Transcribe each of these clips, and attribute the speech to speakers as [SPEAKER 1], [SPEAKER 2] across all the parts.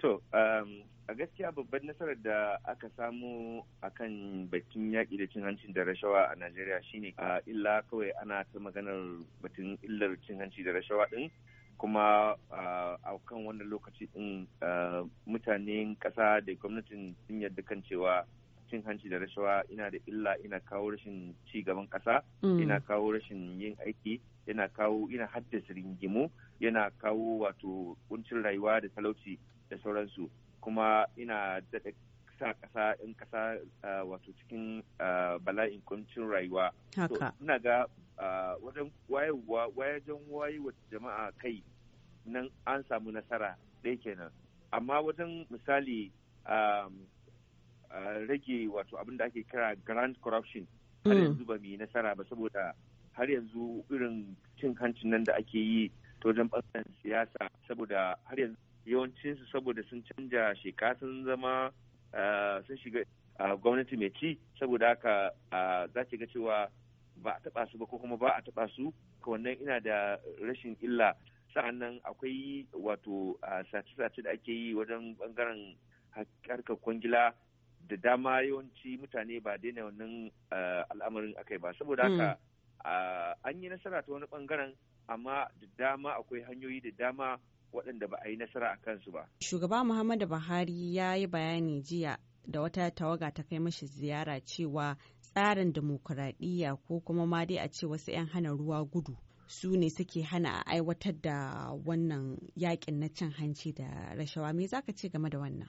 [SPEAKER 1] To, um, a gaskiya babban nasarar da aka samu a kan batun yaƙi da cin hanci da rashawa a Najeriya shine a illa kawai ana ta maganar batun illar cin hanci da rashawa ɗin kuma a kan wannan lokaci ɗin mutanen ƙasa da gwamnatin sun yarda kan cewa cin hanci da rashawa ina da illa ina kawo rashin ci gaban ƙasa mm. ina kawo rashin yin aiki yana kawo ina haddasa ringimu yana kawo wato kuncin rayuwa da talauci da sauransu kuma ina daɗa sa ƙasa in ƙasa wato cikin bala'in kuncin rayuwa. Ina ga wajen wayewa jama'a kai nan an samu nasara ɗaya kenan. Amma wajen misali rage wato abin da ake kira grand corruption har mm. yanzu ba mu nasara ba saboda har yanzu irin cin hancin nan da ake yi ta wajen ɓangaren siyasa saboda har yanzu yawancinsu saboda sun canja sheka sun zama eh, sun shiga eh, gwamnati mai ci saboda haka eh, za ki ga cewa ba a taɓa su ba ko kuma ba a taɓa su ka wannan ina da rashin illa sa'annan akwai wato sace-sace da ake yi wajen bangaren harkar kwangila da dama yawanci mutane ba daina wannan al'amarin akai ba saboda haka mm. an yi nasara ta wani bangaren amma da dama akwai hanyoyi da dama waɗanda ba a yi nasara a kansu ba. Shugaba Muhammadu Buhari ya yi bayani jiya da wata tawaga ta kai mashi ziyara cewa tsarin demokuraɗiyya ko kuma ma dai a ce wasu 'yan hana ruwa gudu su ne suke hana a aiwatar da wannan yakin na cin hanci da rashawa me zaka ce game da wannan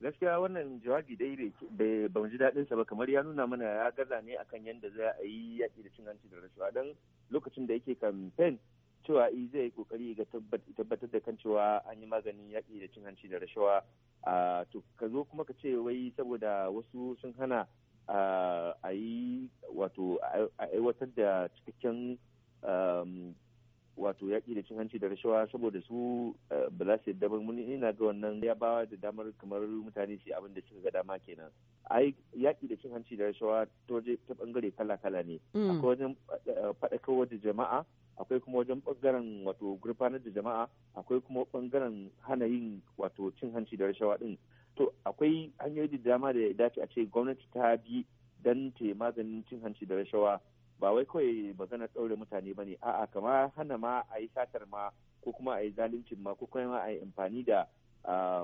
[SPEAKER 1] gaskiya wannan jawabi dai bai mu ji daɗin sa ba kamar ya nuna mana ya gaza ne akan yadda za a yi yaƙi da cin hanci da rashawa don lokacin da yake kamfen cewa i eh, zai kokari ga tabbatar da kan cewa an yi maganin yaƙi da cin hanci da rashawa to ka zo kuma ka ce wai saboda wasu sun hana a yi wato aiwatar da cikakken um, wato yaƙi da cin hanci da rashawa saboda su eh, ba za su yadda ina ga wannan ya bawa da damar kamar mutane su abin da suka ga dama kenan ai yaƙi da cin hanci da rashawa to ta bangare kala kala ne mm. akwai wajen eh, faɗakarwa da jama'a akwai kuma wajen bangaren wato gurfanar da jama'a akwai kuma bangaren hana yin wato cin hanci da rashawa din to akwai hanyoyi da dama da ya dace a ce gwamnati ta bi don ta maganin cin hanci da rashawa ba wai kawai maganar ɗaure mutane ba ne a'a kama hana ma a yi satar ma ko kuma a yi zaluncin ma ko kuma a yi amfani da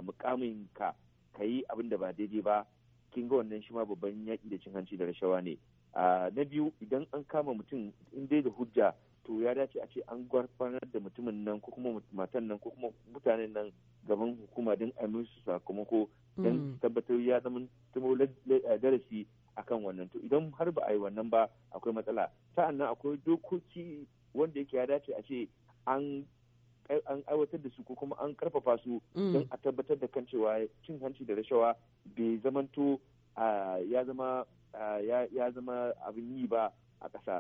[SPEAKER 1] mukamin ka ka yi abin da ba daidai ba kin ga wannan shi ma babban yaƙi da cin hanci da rashawa ne na biyu idan an kama mutum in dai da hujja to ya dace a ce an gwarfanar da mutumin nan ko kuma matan nan ko kuma mutanen nan gaban hukuma don a musu sakamako don mm. tabbatar ya zama darasi idan har ba a yi wannan ba akwai matsala sa'an nan akwai dokoki wanda yake ya dace a ce an an aiwatar da su ko kuma an karfafa su mm. don a tabbatar da kan cewa cin hanci da rashawa bai zamanto ah, ah, ya zama abin yi ba a ƙasa